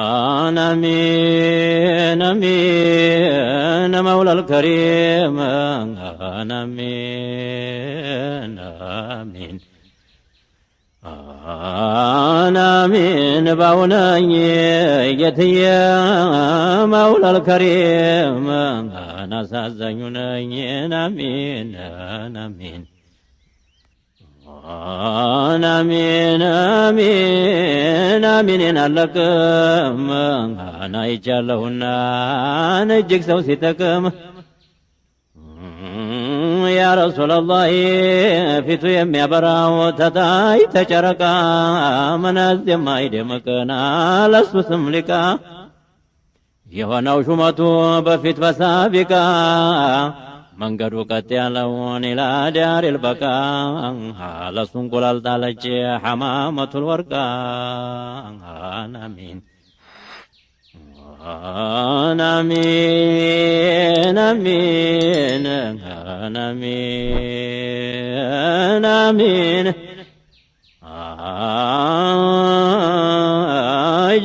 አናሚን አሚን መውላል አሚን አናሚን ባውነኝ ጌትዬ መውላል ነኝ ናሚን ናሚን አናሚን አሚን አለቅም ይቻለሁና እጅግ ሰው ሲጠቅም ያ ረሱላላህ ፊቱ የሚያበራው ተታይ ተጨረቃ የማይደምቅና ለሱ ስም ሊቃ የሆነው ሹመቱ በፊት በሳቢቃ መንገዱ ቀጥ ያለውን ኢላ ዳሪል በቃ ለሱ እንቁላል ጣለች ሐማመቱል ወርቃ አሚን አሚን አሚን አሚን አሚን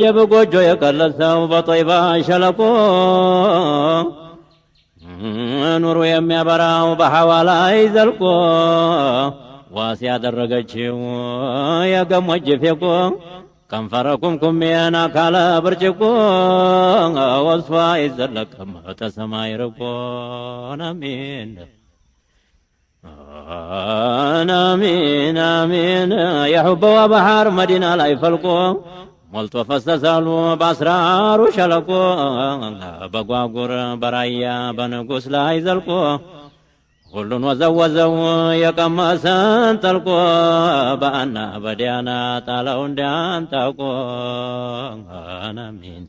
የበጎጆ የቀለሰው በጦይባ ሸለቆ ኑሮ የሚያበራው በሐዋ ላይ ዘልቆ ዋስ ያደረገችው የገሞጅ ፌቆ ከንፈረኩም ኩሜን ካለ ብርጭቆ ወስፋ ይዘለቅም ተሰማይ ርቆ ነሚን ነሚን ነሚን የሑበዋ ባህር መዲና ላይ ፈልቆ ሞልቶ ፈሰሰሉ በአስራሩ ሸለቆ በጓጉር በራያ በንጉሥ ላይ ዘልቆ ሁሉን ወዘወዘው የቀመሰን ጠልቆ በአና በዲያና ጣለው እንዲያንጣቆ አናሚን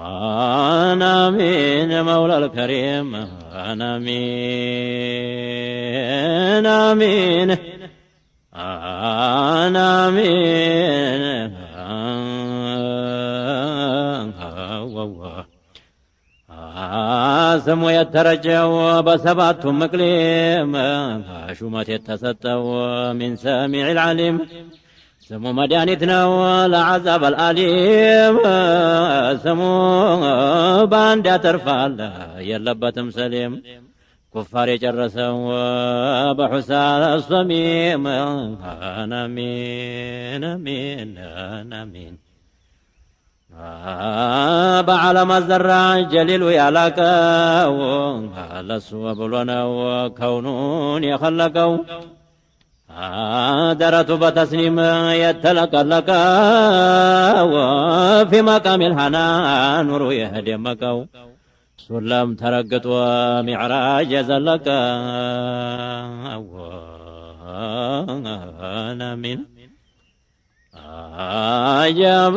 አናሚን መውላል ከሪም አናሚን አሚን አናሜን ስሙ የተረጨው በሰባቱ እቅሊም ሹመት የተሰጠው ሚን ሰሚዕ ልዓሊም ስሙ መድኃኒት ነው ለዓዛብ አልአሊም ስሙ በአንድ ያተርፋል የለበትም ሰሊም كفار جرسا وبحسا الصميم انا مين أمين انا مين آه بعلى مزرع جليل يا لك على صواب وكونون يخلق آه درت بتسليم يتلقى لك وفي مقام الحنان نور يهدمك ሱላም ተረግጦ ሚዕራጅ የዘለቀ ወነ ሚን አጀበ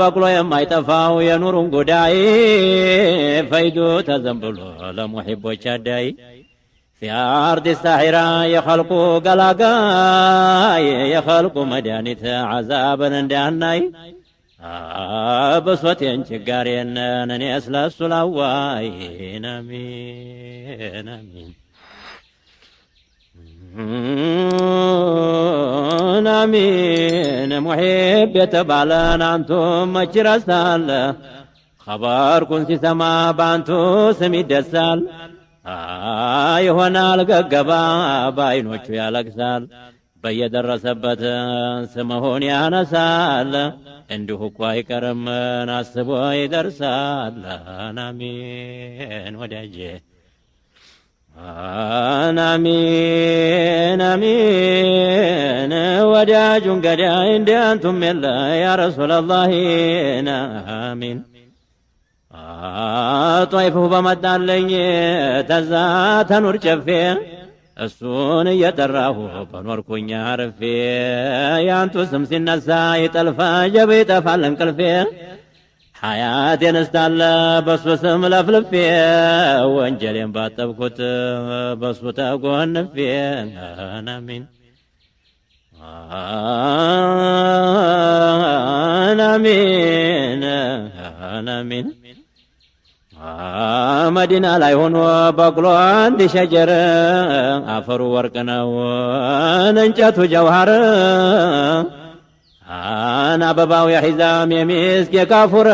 በቅሎ የማይጠፋው የኑሩን ጉዳይ ፈይዱ ተዘንብሎ ለሙሒቦች አዳይ ፊአርድ ሳሒራ የኸልቁ ገላጋይ የኸልቁ መድኒት ዓዛብን እንዳናይ ብሶቴን ችጋሬነን እኔ ስለሱ ላዋይ አሜን አሜን አሚን ሙሒብ የተባለን አንቱም መች ረሳለ ኸበርኩን ሲሰማ በአንቱ ስም ይደሳል ይሆናል ገገባ በአይኖቹ ያለግሳል። በየደረሰበት ስምሁን ያነሳል። እንዲሁ እኳ አይቀርም አስቦ ይደርሳል። አሜን ወዳጄ አሜን አሜን ወዳጁን ገዳ እንዲያንቱም የለ ያ ረሱላላህ አሜን ጧይፉ በመጣለኝ ተዛ ተኑር ጨፌ እሱን እየጠራሁ በኖርኩኝ አርፌ ያንቱ ስም ሲነሳ ይጠልፋ ጀብ ይጠፋል እንቅልፌ ሀያት የነስታለ በሱ ስም ለፍልፌ ወንጀሌን ባጠብኩት በሱ ተጎንፌ ናሚን ናሚን ናሚን መዲና ላይ ሆኖ በቅሎ አንድ ሸጀር አፈሩ ወርቅ ነው እንጨቱ ጀውሃር አን አበባው የሒዛም የሚስክ የካፉር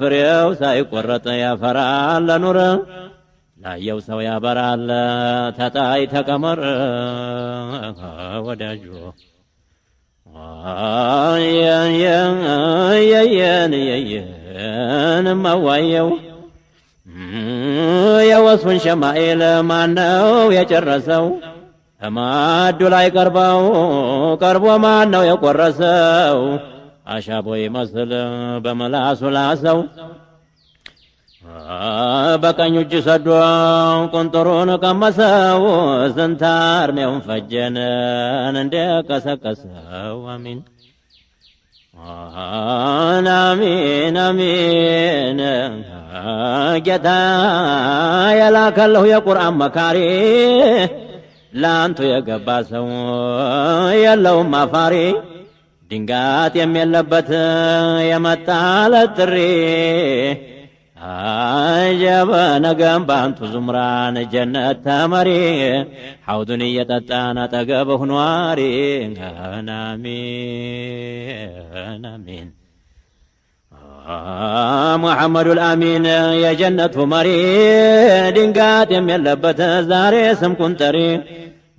ፍሬው ሳይቆረጥ ያፈራል ለኑር ላየው ሰው ያበራል ተጣይ ተቀመር ወዳጁ የየን የየን የየን መዋየው የወሱን ሸማኤል ማነው የጨረሰው? ከማዱ ላይ ቀርበው ቀርቦ ማነው የቆረሰው? አሻቦ ይመስል በመላሱ ላሰው በቀኝ እጅ ሰዶ ቁንጥሩን ቀመሰው። ዝንታር ሜውን ፈጀንን እንደ ቀሰቀሰው አሚን አሜን አሜን። ጌታ የላከለሁ የቁርአን መካሪ ለአንቱ የገባ ሰው የለውም አፋሪ ድንጋት የለበት የመጣለት ጥሪ አጀበነገም በአንቱ ዙምራን ጀነት ተመሪ ሐውዱን እየጠጣን አጠገብ ሁኗሪ አሚን አሚን ሙሐመዱ ልአሚን የጀነቱ መሪ ድንጋጤም የለበት ዛሬ ስምኩን ጠሪ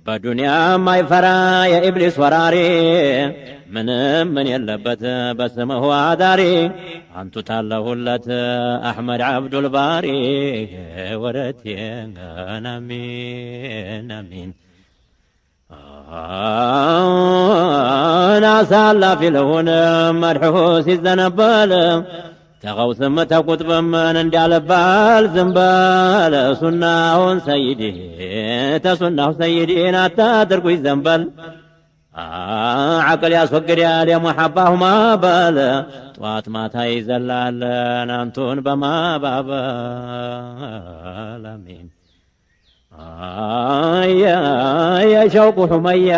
بدنيا ما يفرى يا إبليس وراري من من يلبت بسمه عداري أنت تطاله ولت أحمد عبد الباري ورتي أنا مين أنا مين في آه آه آه آه ተኸውስመ ተቁጥበመን እንዳለባል ዘንበል ሱናሁን ሰይድ ተሱናሁ ሰይድን አታድርጉኝ ዘንበል ዓቅል ያስወግዳል የሙሐባሁ ማበል ጠዋት ማታ ይዘላለን አንቱን በማባበል አሚን የሸውቁ ሑመያ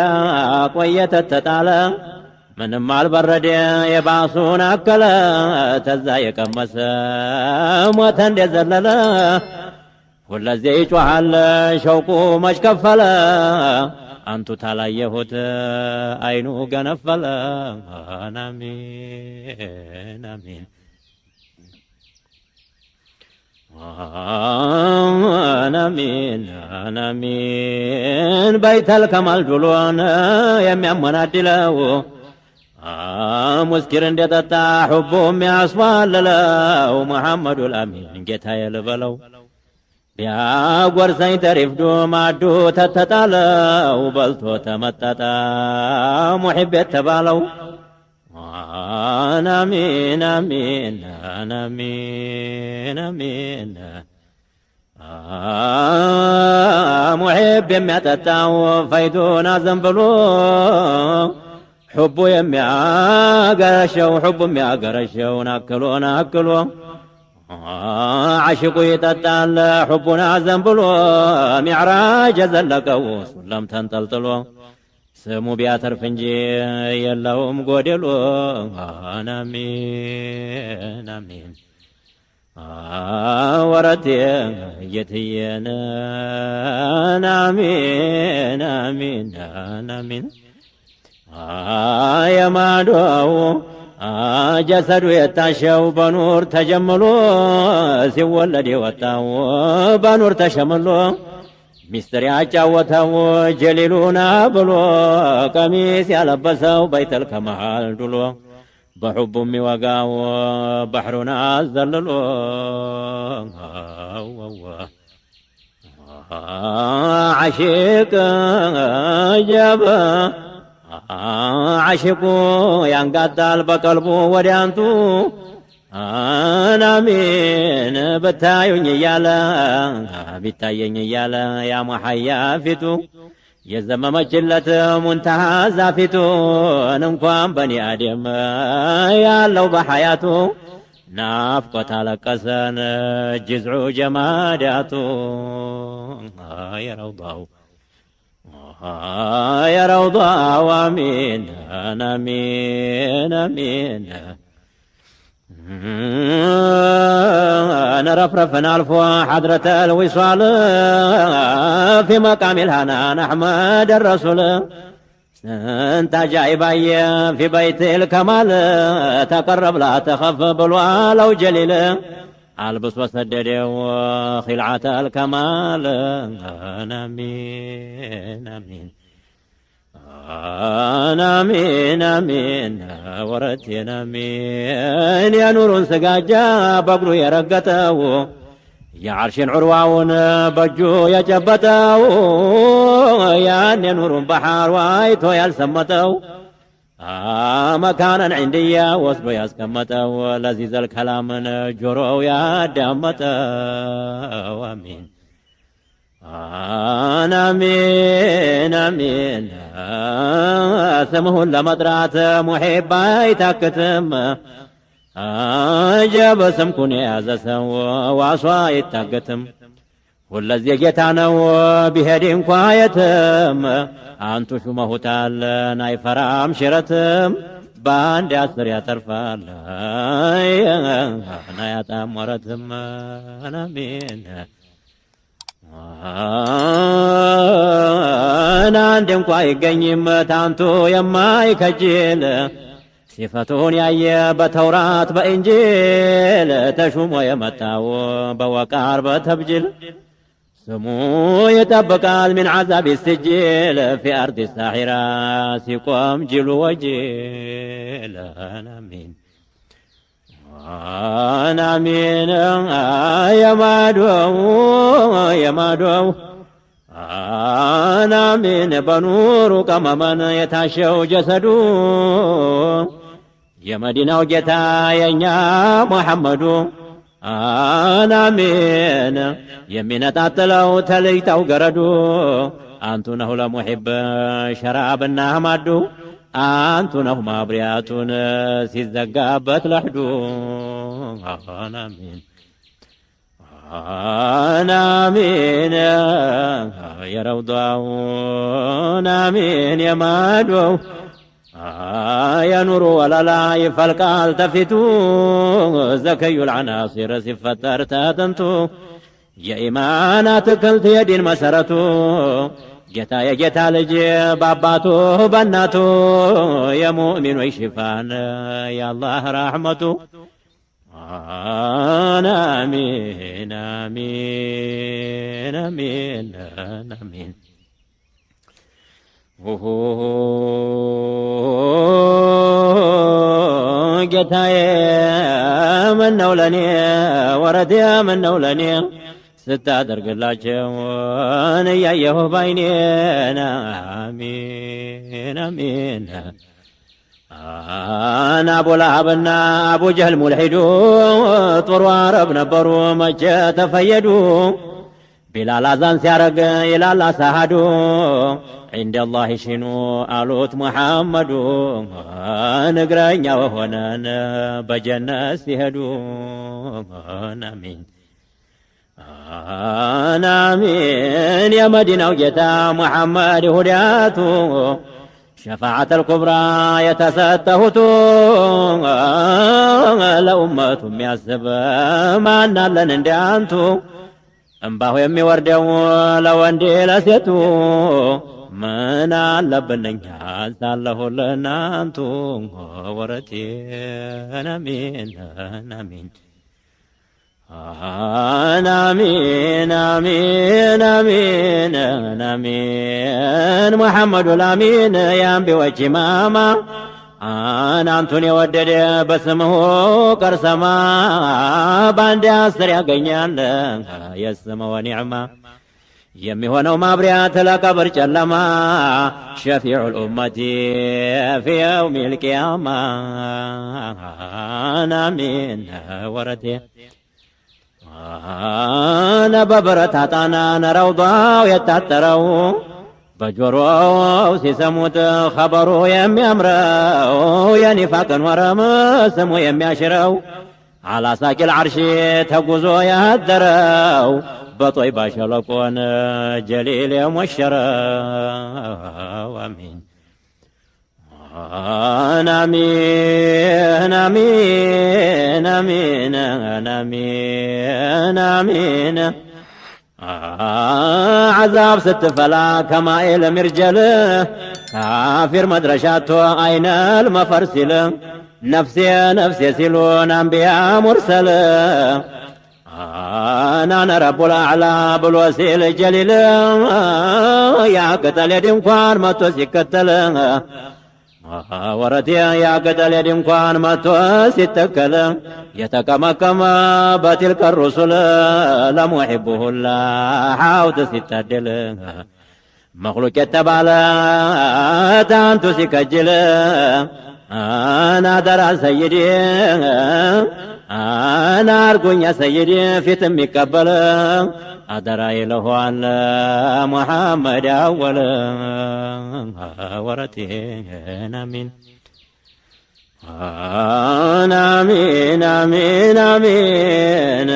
ቆየተ ተጣለ ምንም አልበረደ የባሱን አከለ ተዛ የቀመሰ ሞተ እንደዘለለ ሁለዜ ይጮሃል ሸውቁ መች ከፈለ አንቱ ታላየሁት አይኑ ገነፈለ። አሚን አሚን አናሚን አናሚን በይተል ከማል ዱሎን የሚያመናድለው ሙስኪር እንደጠጣ ሑቡ የሚያስዋልለው መሐመዱ ልአሚን ጌታ የልበለው ቢያጎርሰኝ ተሪፍዱ ማዱ ተተጣለው በልቶ ተመጠጠ ሙሒብ ተባለው አናሚን አሚን አናሚን አሚን ሙሒብ የሚያጠጣው ፈይዱና ዘንብሎ ሑቡ የሚያገረሸው ሑቡ የሚያገረሸው ናክሎ ናክሎ ዓሽቁ ይጠጣል ሑቡን አዘን ሚዕራጅ የዘለቀው ሱለም ተንጠልጥሎ ስሙ ቢያተርፍ እንጂ የለውም ጎደሎ። አሚን አሚን ወረቴ የትየነ አሚን አሚን አሚን የማዶው ጀሰዱ የታሸው በኑር ተጀምሎ ሲወለድ የወጣው በኑር ተሸምሎ ሚስጥር ያጫወተው ጀሊሉና ብሎ ቀሚስ ያለበሰው በይተል ከመሃል ድሎ በሑቡ የሚወጋው ባሕሩን አዘልሎ عشيق جبا አሽቁ ያንጋጣል በቀልቡ ወዲያንቱ አናሚን ብታዩኝ እያለ ቢታየኝ እያለ ያ መሐያ ፊቱ የዘመመችለት ሙንታሃ ፊቱን እንኳን በኒ አደም ያለው በሐያቱ ናፍቆት አለቀሰን ጅዝዑ ጀማዳቱ የረውባው يا روضة ومين أنا مين أمين أنا رفرف ألف حضرة الوصال في مقام الهنا أحمد الرسول انت بيا في بيت الكمال تقرب لا تخف بالوالو لو جليل ألبس وسددوا خلعة الكمال نمين أمين أنا مين أمين ورتي نمين يا نور سقاجة بقلو يا رقته يا عرش عرواون بجو يا جبته يا نور بحر وايت يا لسمته መካነን ዕንድያ ወስዶ ያስቀመጠው ለዚህ ዘል ከላምን ጆሮው ያዳመጠው አሚን አሚን አሚን ስምሁን ለመጥራት ሙሒባ አይታክትም አጀብ ስምኩን የያዘ ሰው ዋሷ አይታገትም። ሁለዚህ ጌታ ነው ቢሄድ እንኳ የትም አንቱ ሹመሁታለን አይፈራም ሽረትም በአንድ አስር ያተርፋል ና ያጣም ወረትም ናሚን አንድ እንኳ ይገኝም ታንቱ የማይከጅል ሲፈቱን ያየ በተውራት በእንጅል ተሹሞ የመጣው በወቃር በተብጅል ስሙ ይጠብቃል ምን ዓዛብ ይስጅል ፊ አርድ ሳሒራ ሲቆም ጅሉ ወጅል አናሚን አናሚን የማዶው የማዶው አናሚን በኑሩ ቀመመን የታሸው ጀሰዱ የመዲናው ጌታ የእኛ ሙሐመዱ አናሜን የሚነጣጥለው ተለይታው ገረዱ አንቱ ነሁ ለሙሒብ ሸራብና ማዱ አንቱ ነሁ ማብሪያቱን ሲዘጋበት ለሕዱ አናሜን አናሜን የረውዳው አናሜን የማዶው ينور ولا لا يفلق التفتو زكي العناصر سفتر تدنتو يا إيمانا تكلت يدين مسرتو جتا يا جتا لجي باباتو بناتو يا مؤمن ويشفان يا الله رحمتو آمين آمين آمين آمين ጌታዬ ምነው ለኔ ወረቴ ምነው ለኔ ስታደርግላቸው እያየሁ ባይኔን አሚን አሚን ሙልሒዱ ጥሩ አረብ ነበሩ መቼ ተፈየዱ ቢላል አዛን ሲያረግ ይላል አሳሃዱ ዒንደላህ ሽኑ አሉት ሙሐመዱ ንግረኛ ወሆነን በጀነት ሲሄዱ አሚን አናሚን የመዲናው ጌታ ሙሐመድ ሁዳቱ ሸፋዓተ ልኩብራ የተሰጠሁቱ ለኡመቱ የሚያስብ ማናለን እንዲያንቱ እምባሁ የሚወርደው ለወንድ ለሴቱ ምን አለብነኛ ዛለሁልናንቱ ወረቴ ናሜን ናሜን ናሜን አሚን ናሜን አሚን ሙሐመዱ ላሚን የአንቢዎች ኢማማ አናንቱን የወደደ በስምሁ ቀርሰማ በአንድ አስር ያገኛል የስምወ ኒዕማ የሚሆነው ማብሪያት ለቀብር ጨለማ ሸፊዑ ልኡመቲ ፊ የውም ልቅያማ ናሚን ወረቴ አነ በብረት አጣና ነረውዷው የታጠረው በጆሮው ሲሰሙት ኸበሩ የሚያምረው የኒፋቅን ወረም ስሙ የሚያሽረው አላሳቂል ዓርሺ ተጉዞ ያደረው بطيبة وانا جليل مشرا أمين آمين آمين آمين آمين آمين عذاب ست فلا كما إلى مرجل كافر مدرشاته أين المفرسل نفسي نفسي سلون أنبياء مرسل አናነ ረቡል አዕላ ብሎ ሲል ጀሊል ያ ቅጠል ድንኳን መቶ ሲከተል ወረት ያ ቅጠል ድንኳን መቶ ሲተከል የተቀመቀመ በትልከ ሩሱል ለሙሒቡሁላ ሐውት ሲታደል መክሉቅ የተባለ ታንቱ ሲከጅል አና አደራ ሰይዴ አና አርጎኛ ሰይዴ ፊት የሚቀበል አደራ ይለኋል ሙሐመድ አወል ወረቴን አሚን አሚን አሚን አሚን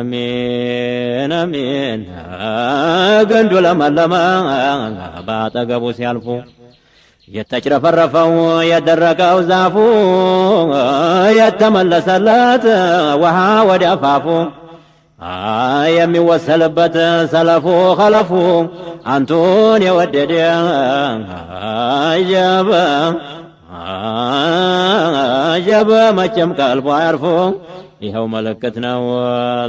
አሚን አሚን ገንዱ ለመለመ በአጠገቡ ሲያልፉ የተጭረፈረፈው የደረቀው ዛፉ የተመለሰለት ውሃ ወደ አፋፉ የሚወሰልበት ሰለፉ ኸለፉ አንቱን የወደደ ጀበ ጀበ መቼም ቀልቦ አያርፎ ይኸው ምልክት ነው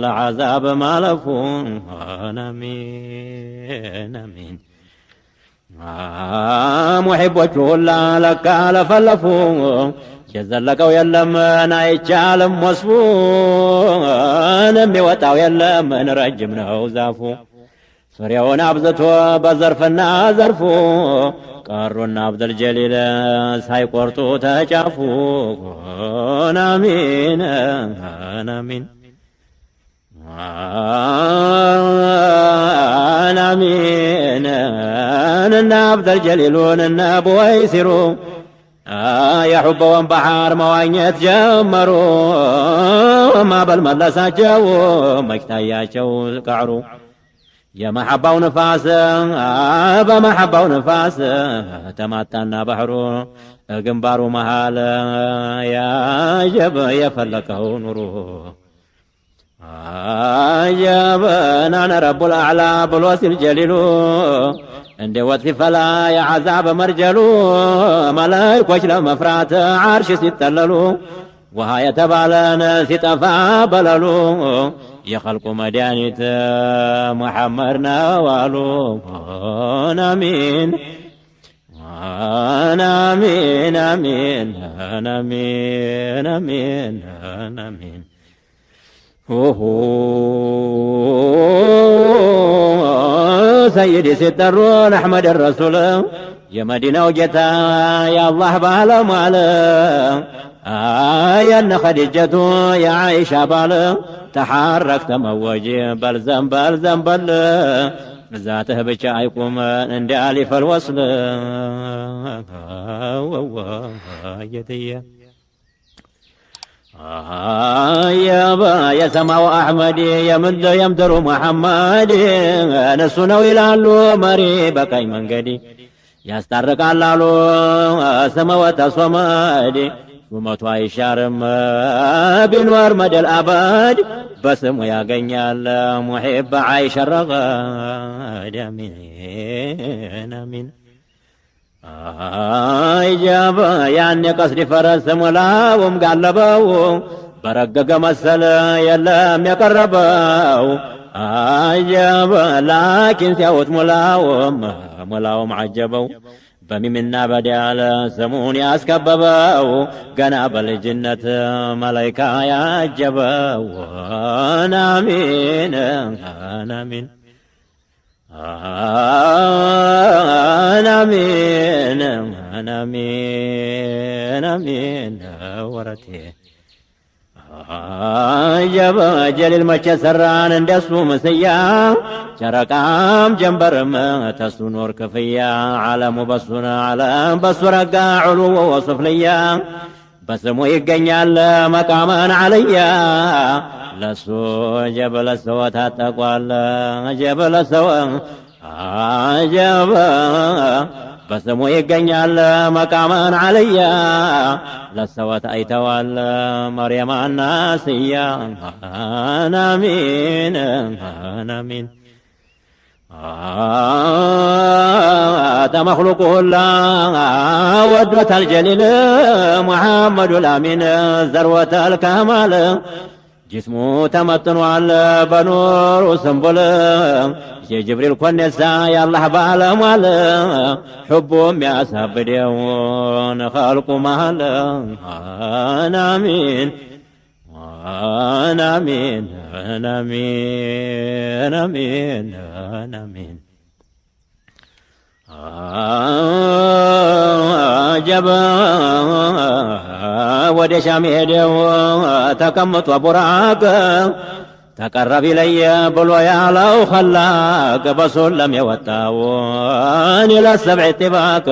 ለዓዛብ ማለፉ አሚን አሚን ሙሒቦቹ ሁላ ለካ ለፈለፉ የዘለቀው የለም አይቻልም ወስፉ የሚወጣው የለም ረጅም ነው ዛፉ ፍሬውን አብዝቶ በዘርፍና ዘርፉ ቀሩና አብደል ጀሊል ሳይቆርጡ ተጫፉ ናሚን ናሚን አላሚን እና አብደል ጀሊሉን እና ቦይ ቡወይሲሩ የሑበውን ባህር መዋኘት ጀመሩ። ማዕበል መለሳቸው መጅታያቸው ቀዕሩ የመሐባው ንፋስ በመሐባው ንፋስ ተማታና ባህሩ ግንባሩ መሃል ያጀብ የፈለቀው ኑሩ آه، يا بنا انا رب الاعلى بالوصف الجليل عند وصف لا يا عذاب مرجلو ملائك وشلا مفرات عرش ستللو وهاي تبالنا ستفا بللو يا خلق مدانيت محمرنا والو انا آه، مين انا مين امين انا آه، مين انا مين انا مين سيدي ست الرون احمد الرسول يا مدينه وجتا يا الله بالا مالا يا خديجة يا عائشه بالا تحركت موج بلزم بلزم بل ذاته بك ايقوم اندي الف الوصل يا የሰማው አሕመድ የምድሩ መሐመድ እነሱ ነው ይላሉ መሪ በቀኝ መንገድ ያስታርቃል አሉ ስመወተ ሶመድ ሹመቱ አይሻርም ቢኖር መደል አበድ በስሙ ያገኛል ሙሒበ አይሸረቀ አሚን አሚን ይጀበ ያኔ ቀስዲ ፈረስ ሞላውም ጋለበው በረገገ መሰለ የለም የቀረበው አጀበ ላኪን ሲያወት ሞላውም ሙላውም አጀበው በሚምና በዲያል ስሙን ያስከበበው ገና በልጅነት መላይካ ያጀበው ናሚን ናሚን አናሜን አናሜን ወረቴ አጀበ ጀሊል መቼ ሰራን እንደሱ ምስያ ጨረቃም ጀንበርም ተሱን ኖር ክፍያ ዓለሙ በሱን ዓለም በሱ ረጋ ዕሉ ወሱፍልያ በስሙ ይገኛል መቃመን አለያ ለሱ ጀበለ ሰው ታጠቋል ጀበለ ሰው አጀበ በስሙ ይገኛል መቃመን አለያ ለሰወት አይተዋል መርያም አናስያ አናሚን አናሚን هذا مخلوقه الله ودرة الجليل محمد الأمين ذروة الكمال جسمه تمتن على بنور وسنبل يا جبريل كونسا يا الله بالمال حبهم يا سبديون خلق مال آمين አሜን አሜን አሜን አሜን አጀበ ወደ ሻም ሄደው ተቀምጦ ቡራቅ ተቀረቢ ለየ ብሎ ያለው ኸላቅ በሱለም የወጣውን ለሰብዕ ጥባቅ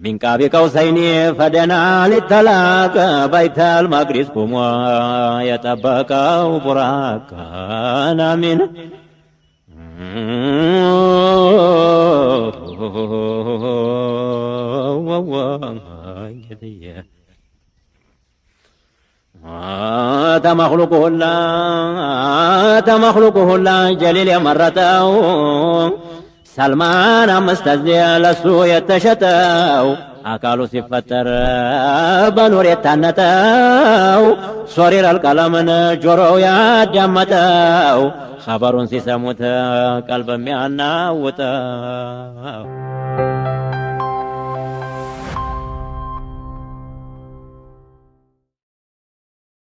من قاب قوسين فدنا للتلاقى بيت المقدس قم يتبقى براكان من الله لا تمخلقه الله جليل يا مرته ሰልማን አምስት ጊዜ ለሱ የተሸጠው አካሉ ሲፈጠር በኑር የታነጠው ሶሪረል ቀለምን ጆሮው ያዳመጠው ኸበሩን ሲሰሙት ቀልብ የሚያናውጠው